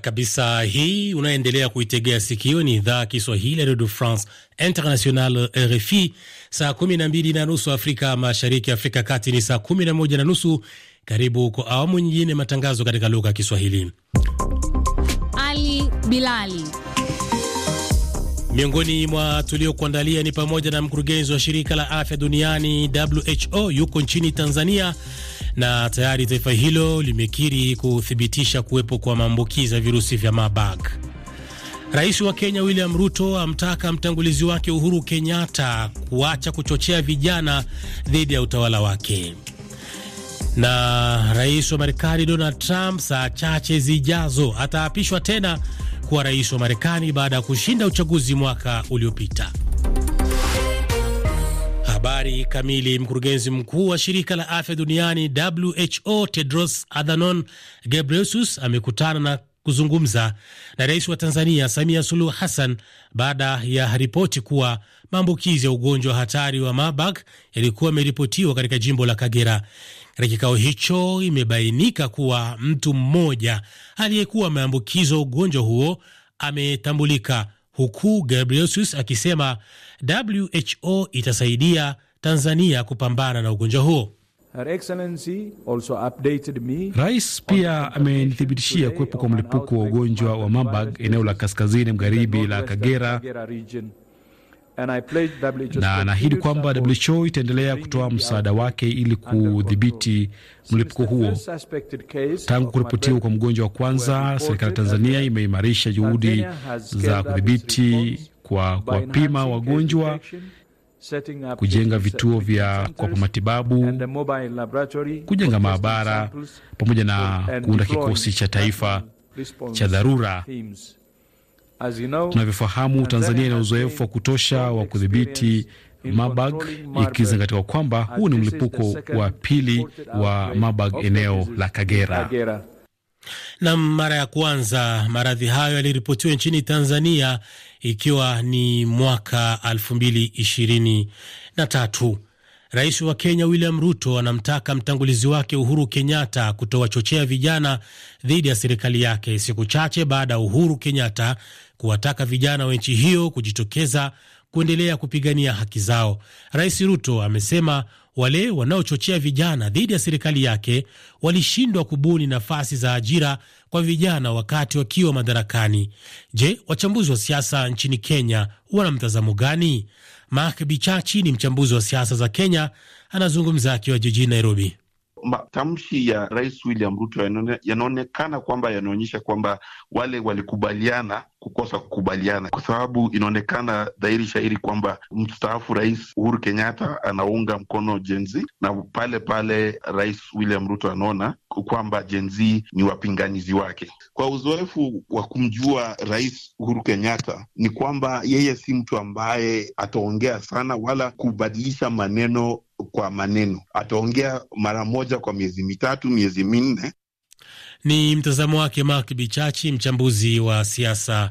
kabisa hii unaendelea kuitegea sikio ni idhaa Kiswahili ya redio France International, RFI. Saa kumi na mbili na nusu Afrika Mashariki, Afrika Kati ni saa kumi na moja na nusu. Karibu kwa awamu nyingine matangazo katika lugha ya Kiswahili. Ali Bilali miongoni mwa tuliokuandalia ni pamoja na mkurugenzi wa shirika la afya duniani WHO yuko nchini Tanzania na tayari taifa hilo limekiri kuthibitisha kuwepo kwa maambukizi ya virusi vya Marburg. Rais wa Kenya William Ruto amtaka mtangulizi wake Uhuru Kenyatta kuacha kuchochea vijana dhidi ya utawala wake. Na rais wa Marekani Donald Trump saa chache zijazo ataapishwa tena kuwa rais wa Marekani baada ya kushinda uchaguzi mwaka uliopita. Habari kamili. Mkurugenzi mkuu wa shirika la afya duniani WHO Tedros Adhanom Ghebreyesus amekutana na kuzungumza na rais wa Tanzania Samia Suluhu Hassan baada ya ripoti kuwa maambukizi ya ugonjwa hatari wa Marburg yalikuwa yameripotiwa katika jimbo la Kagera. Katika kikao hicho, imebainika kuwa mtu mmoja aliyekuwa ameambukizwa ugonjwa huo ametambulika huku Gabrielsus akisema WHO itasaidia Tanzania kupambana na ugonjwa huo. Her Excellency also updated me. Rais pia amenithibitishia kuwepo kwa mlipuko wa ugonjwa wa Marburg eneo la kaskazini magharibi la Kagera na anaahidi kwamba WHO itaendelea kutoa msaada wake ili kudhibiti mlipuko huo. Tangu kuripotiwa kwa mgonjwa wa kwanza, serikali ya Tanzania imeimarisha juhudi za kudhibiti kwa kuwapima wagonjwa, kujenga vituo vya kuwapa matibabu, kujenga maabara pamoja na kuunda kikosi cha taifa cha dharura Tunavyofahamu, Tanzania ina uzoefu wa kutosha wa kudhibiti Marburg ikizingatiwa kwamba huu ni mlipuko wa pili wa Marburg eneo la Kagera. nam mara ya kwanza maradhi hayo yaliripotiwa nchini Tanzania ikiwa ni mwaka 2023. Rais wa Kenya William Ruto anamtaka mtangulizi wake Uhuru Kenyatta kutowachochea vijana dhidi ya serikali yake, siku chache baada ya Uhuru Kenyatta kuwataka vijana wa nchi hiyo kujitokeza kuendelea kupigania haki zao. Rais Ruto amesema wale wanaochochea vijana dhidi ya serikali yake walishindwa kubuni nafasi za ajira kwa vijana wakati wakiwa madarakani. Je, wachambuzi wa siasa nchini Kenya wana mtazamo gani? Mak Bichachi ni mchambuzi wa siasa za Kenya, anazungumza akiwa jijini Nairobi matamshi ya Rais William Ruto yanaonekana kwamba yanaonyesha kwamba wale walikubaliana kukosa kukubaliana, kwa sababu inaonekana dhahiri shahiri kwamba mstaafu Rais Uhuru Kenyatta anaunga mkono jenzi na pale pale Rais William Ruto anaona kwamba jenzi ni wapinganizi wake. Kwa uzoefu wa kumjua Rais Uhuru Kenyatta ni kwamba yeye si mtu ambaye ataongea sana wala kubadilisha maneno kwa maneno, ataongea mara moja kwa miezi mitatu, miezi minne. Ni mtazamo wake Mark Bichachi, mchambuzi wa siasa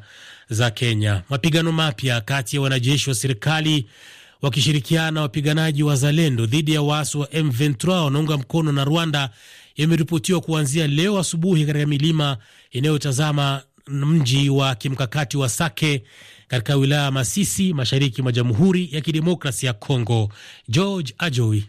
za Kenya. Mapigano mapya kati ya wanajeshi wa serikali wakishirikiana na wapiganaji wa Zalendo dhidi ya waasi wa M23 wanaunga mkono na Rwanda yameripotiwa kuanzia leo asubuhi katika milima inayotazama mji wa kimkakati wa Sake katika wilaya ya Masisi, mashariki mwa Jamhuri ya Kidemokrasi ya Kongo. George Ajoi.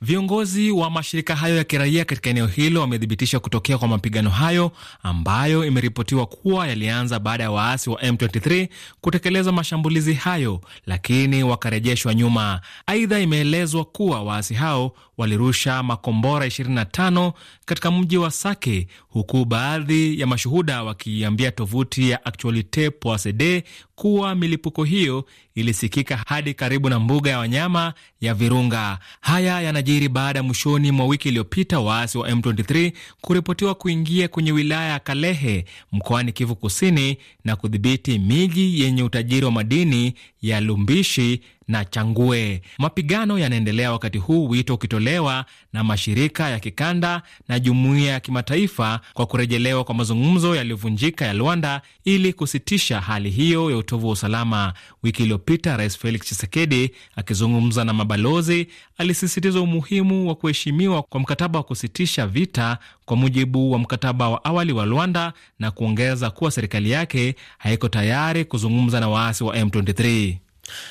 Viongozi wa mashirika hayo ya kiraia katika eneo hilo wamethibitisha kutokea kwa mapigano hayo ambayo imeripotiwa kuwa yalianza baada ya waasi wa M23 kutekeleza mashambulizi hayo, lakini wakarejeshwa nyuma. Aidha, imeelezwa kuwa waasi hao walirusha makombora 25 katika mji wa Sake, huku baadhi ya mashuhuda wakiambia tovuti ya Actualite Poasede kuwa milipuko hiyo ilisikika hadi karibu na mbuga ya wanyama ya Virunga. Haya yanajiri baada ya mwishoni mwa wiki iliyopita waasi wa M23 kuripotiwa kuingia kwenye wilaya ya Kalehe mkoani Kivu Kusini na kudhibiti miji yenye utajiri wa madini ya Lumbishi na Changue. Mapigano yanaendelea wakati huu, wito ukitolewa na mashirika ya kikanda na jumuiya ya kimataifa kwa kurejelewa kwa mazungumzo yaliyovunjika ya Luanda ili kusitisha hali hiyo ya utovu wa usalama. Wiki iliyopita, Rais Felix Tshisekedi akizungumza na mabalozi alisisitiza umuhimu wa kuheshimiwa kwa mkataba wa kusitisha vita kwa mujibu wa mkataba wa awali wa Luanda na kuongeza kuwa serikali yake haiko tayari kuzungumza na waasi wa M23.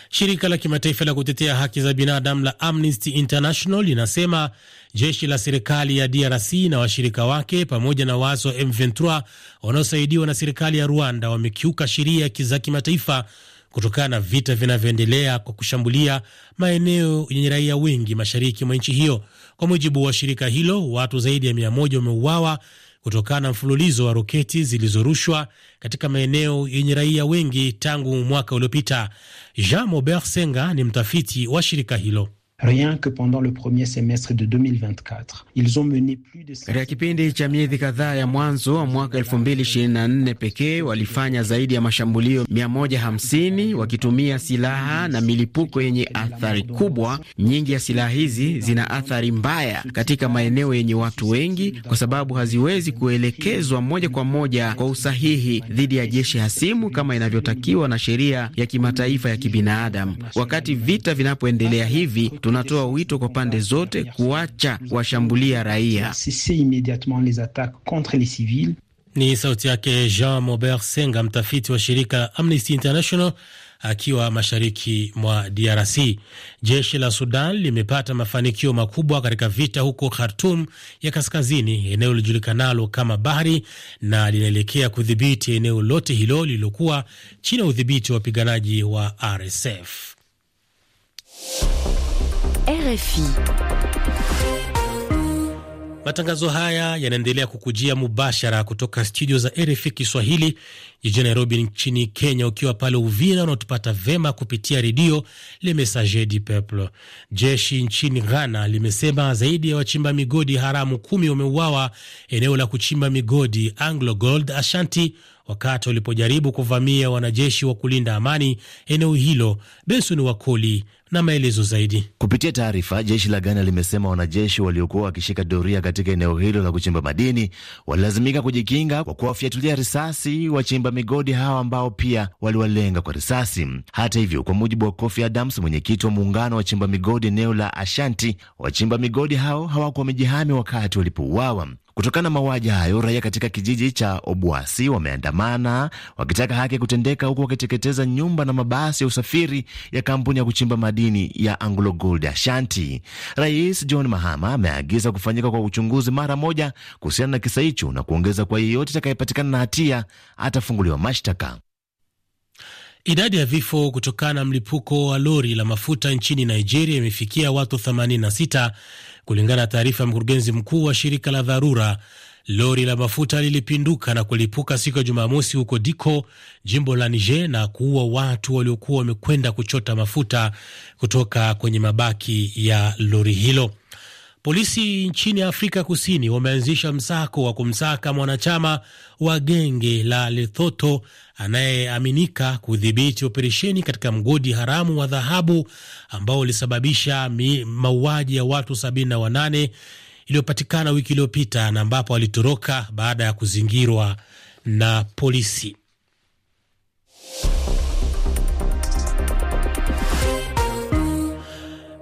Shirika la kimataifa la kutetea haki za binadamu la Amnesty International linasema jeshi la serikali ya DRC na washirika wake pamoja na waasi wa M23 wanaosaidiwa na serikali ya Rwanda wamekiuka sheria za kimataifa kutokana na vita vinavyoendelea kwa kushambulia maeneo yenye raia wengi mashariki mwa nchi hiyo. Kwa mujibu wa shirika hilo, watu zaidi ya mia moja wameuawa kutokana na mfululizo wa roketi zilizorushwa katika maeneo yenye raia wengi tangu mwaka uliopita. Jean Mobert Senga ni mtafiti wa shirika hilo. Rien que pendant le premier semestre de 2024, ils ont mené plus de... Katika kipindi cha miezi kadhaa ya mwanzo wa mwaka 2024 pekee walifanya zaidi ya mashambulio 150 wakitumia silaha na milipuko yenye athari kubwa. Nyingi ya silaha hizi zina athari mbaya katika maeneo yenye watu wengi, kwa sababu haziwezi kuelekezwa moja kwa moja kwa usahihi dhidi ya jeshi hasimu kama inavyotakiwa na sheria ya kimataifa ya kibinadamu. Wakati vita vinapoendelea hivi tunatoa wito kwa pande zote kuacha kuwashambulia raia. Ni sauti yake Jean Mobert Senga, mtafiti wa shirika Amnesty International akiwa mashariki mwa DRC. Jeshi la Sudan limepata mafanikio makubwa katika vita huko Khartum ya kaskazini, eneo lilojulikanalo kama Bahari, na linaelekea kudhibiti eneo lote hilo lililokuwa chini ya udhibiti wa wapiganaji wa RSF. RFI. Matangazo haya yanaendelea kukujia mubashara kutoka studio za RFI Kiswahili jijini Nairobi nchini Kenya. Ukiwa pale Uvira unatupata vema kupitia redio Le Messager du Peuple. Jeshi nchini Ghana limesema zaidi ya wachimba migodi haramu kumi wameuawa eneo la kuchimba migodi AngloGold Ashanti wakati walipojaribu kuvamia wanajeshi wa kulinda amani eneo hilo. Benson Wakoli na maelezo zaidi kupitia taarifa. Jeshi la Ghana limesema wanajeshi waliokuwa wakishika doria katika eneo hilo la kuchimba madini walilazimika kujikinga kwa kuwafyatulia risasi wachimba migodi hawa ambao pia waliwalenga kwa risasi. Hata hivyo, kwa mujibu wa Kofi Adams, mwenyekiti wa muungano wa wachimba migodi eneo la Ashanti, wachimba migodi hao hawakuwa wamejihami wakati walipouawa. Kutokana na mauaji hayo, raia katika kijiji cha Obuasi wameandamana wakitaka haki kutendeka, huku wakiteketeza nyumba na mabasi ya usafiri ya kampuni ya kuchimba madini madini ya Anglo Gold Ashanti. Rais John Mahama ameagiza kufanyika kwa uchunguzi mara moja kuhusiana na kisa hicho na kuongeza kwa yeyote atakayepatikana na hatia atafunguliwa mashtaka. Idadi ya vifo kutokana na mlipuko wa lori la mafuta nchini Nigeria imefikia watu 86 kulingana na taarifa ya mkurugenzi mkuu wa shirika la dharura Lori la mafuta lilipinduka na kulipuka siku ya Jumamosi huko Diko, jimbo la Niger, na kuua watu waliokuwa wamekwenda kuchota mafuta kutoka kwenye mabaki ya lori hilo. Polisi nchini Afrika Kusini wameanzisha msako wa kumsaka mwanachama wa genge la lethoto anayeaminika kudhibiti operesheni katika mgodi haramu wa dhahabu ambao ulisababisha mauaji ya watu 78 iliyopatikana wiki iliyopita na ambapo alitoroka baada ya kuzingirwa na polisi.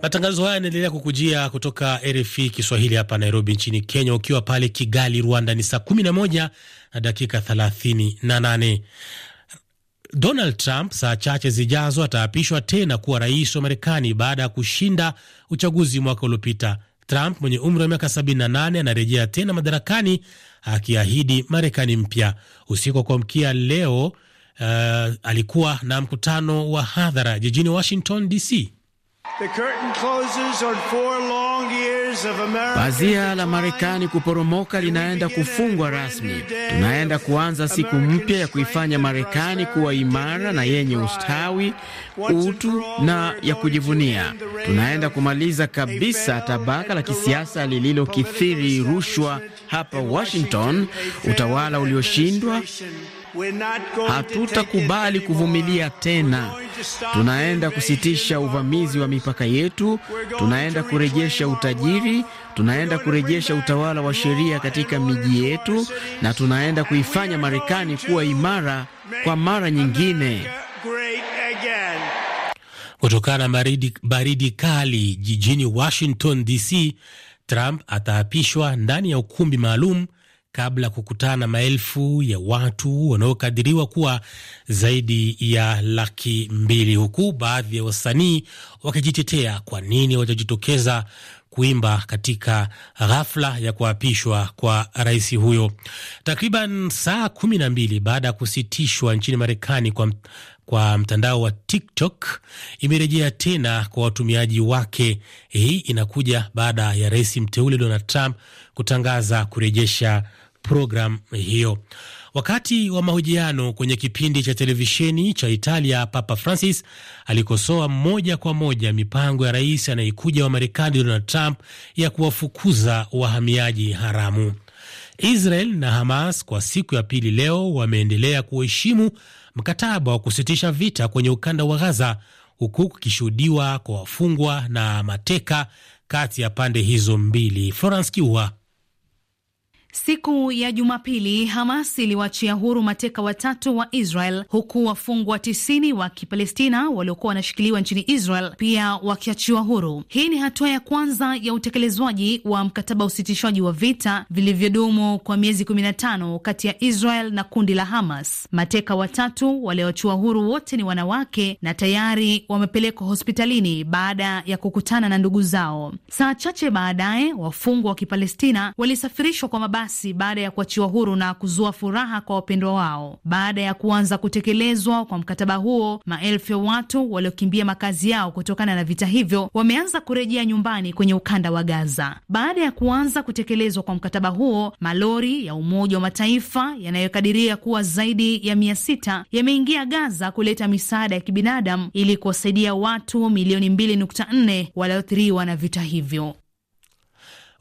Matangazo haya yanaendelea kukujia kutoka RFI Kiswahili hapa Nairobi nchini Kenya. Ukiwa pale Kigali, Rwanda ni saa 11 na dakika 38. Donald Trump saa chache zijazo ataapishwa tena kuwa rais wa Marekani baada ya kushinda uchaguzi mwaka uliopita. Trump mwenye umri wa miaka 78 anarejea tena madarakani akiahidi Marekani mpya. Usiku wa kuamkia leo uh, alikuwa na mkutano wa hadhara jijini Washington DC. Pazia la Marekani kuporomoka linaenda kufungwa rasmi. Tunaenda kuanza siku mpya ya kuifanya Marekani kuwa imara na yenye ustawi, utu na ya kujivunia. Tunaenda kumaliza kabisa tabaka la kisiasa lililokithiri rushwa hapa Washington, utawala ulioshindwa. Hatutakubali kuvumilia tena. Tunaenda kusitisha uvamizi wa mipaka yetu, tunaenda kurejesha utajiri, tunaenda kurejesha utawala wa sheria katika miji yetu, na tunaenda kuifanya Marekani kuwa imara kwa mara nyingine. Kutokana na baridi, baridi kali jijini Washington DC, Trump ataapishwa ndani ya ukumbi maalum kabla ya kukutana na maelfu ya watu wanaokadiriwa kuwa zaidi ya laki mbili, huku baadhi ya wasanii wakijitetea kwa nini watajitokeza kuimba katika ghafla ya kuapishwa kwa rais huyo. Takriban saa kumi na mbili baada ya kusitishwa nchini Marekani kwa kwa mtandao wa TikTok imerejea tena kwa watumiaji wake. Hii inakuja baada ya rais mteule Donald Trump kutangaza kurejesha programu hiyo. Wakati wa mahojiano kwenye kipindi cha televisheni cha Italia, Papa Francis alikosoa moja kwa moja mipango ya rais anayekuja wa Marekani Donald Trump ya kuwafukuza wahamiaji haramu. Israel na Hamas kwa siku ya pili leo wameendelea kuheshimu mkataba wa kusitisha vita kwenye ukanda wa Gaza, huku kukishuhudiwa kwa wafungwa na mateka kati ya pande hizo mbili. Florence Kiua Siku ya Jumapili, Hamas iliwaachia huru mateka watatu wa Israel, huku wafungwa tisini wa Kipalestina waliokuwa wanashikiliwa nchini Israel pia wakiachiwa huru. Hii ni hatua ya kwanza ya utekelezwaji wa mkataba wa usitishwaji wa vita vilivyodumu kwa miezi 15 kati ya Israel na kundi la Hamas. Mateka watatu walioachiwa huru wote ni wanawake na tayari wamepelekwa hospitalini baada ya kukutana na ndugu zao. Saa chache baadaye, wafungwa wa Kipalestina walisafirishwa kwa mabaya basi baada ya kuachiwa huru na kuzua furaha kwa wapendwa wao. Baada ya kuanza kutekelezwa kwa mkataba huo, maelfu ya watu waliokimbia makazi yao kutokana na vita hivyo wameanza kurejea nyumbani kwenye ukanda wa Gaza. Baada ya kuanza kutekelezwa kwa mkataba huo, malori ya Umoja wa Mataifa yanayokadiria kuwa zaidi ya mia sita yameingia Gaza kuleta misaada ya kibinadamu ili kuwasaidia watu milioni 2.4 walioathiriwa na vita hivyo.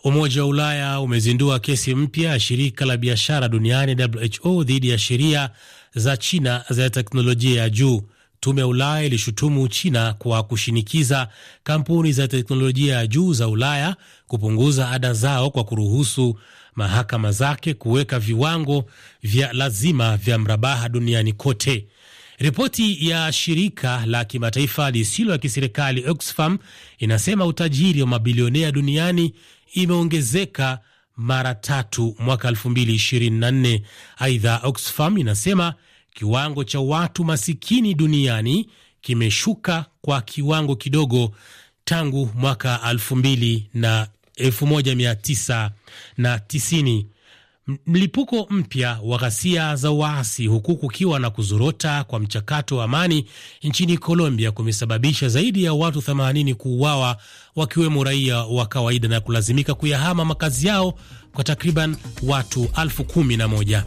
Umoja wa Ulaya umezindua kesi mpya ya shirika la biashara duniani WHO dhidi ya sheria za China za teknolojia ya juu. Tume ya Ulaya ilishutumu China kwa kushinikiza kampuni za teknolojia ya juu za Ulaya kupunguza ada zao kwa kuruhusu mahakama zake kuweka viwango vya lazima vya mrabaha duniani kote. Ripoti ya shirika la kimataifa lisilo ya kiserikali Oxfam inasema utajiri wa mabilionea duniani imeongezeka mara tatu mwaka 2024. Aidha, Oxfam inasema kiwango cha watu masikini duniani kimeshuka kwa kiwango kidogo tangu mwaka na 1990 mlipuko mpya wa ghasia za waasi huku kukiwa na kuzorota kwa mchakato wa amani nchini Colombia kumesababisha zaidi ya watu 80 kuuawa wakiwemo raia wa kawaida na kulazimika kuyahama makazi yao kwa takriban watu elfu kumi na moja.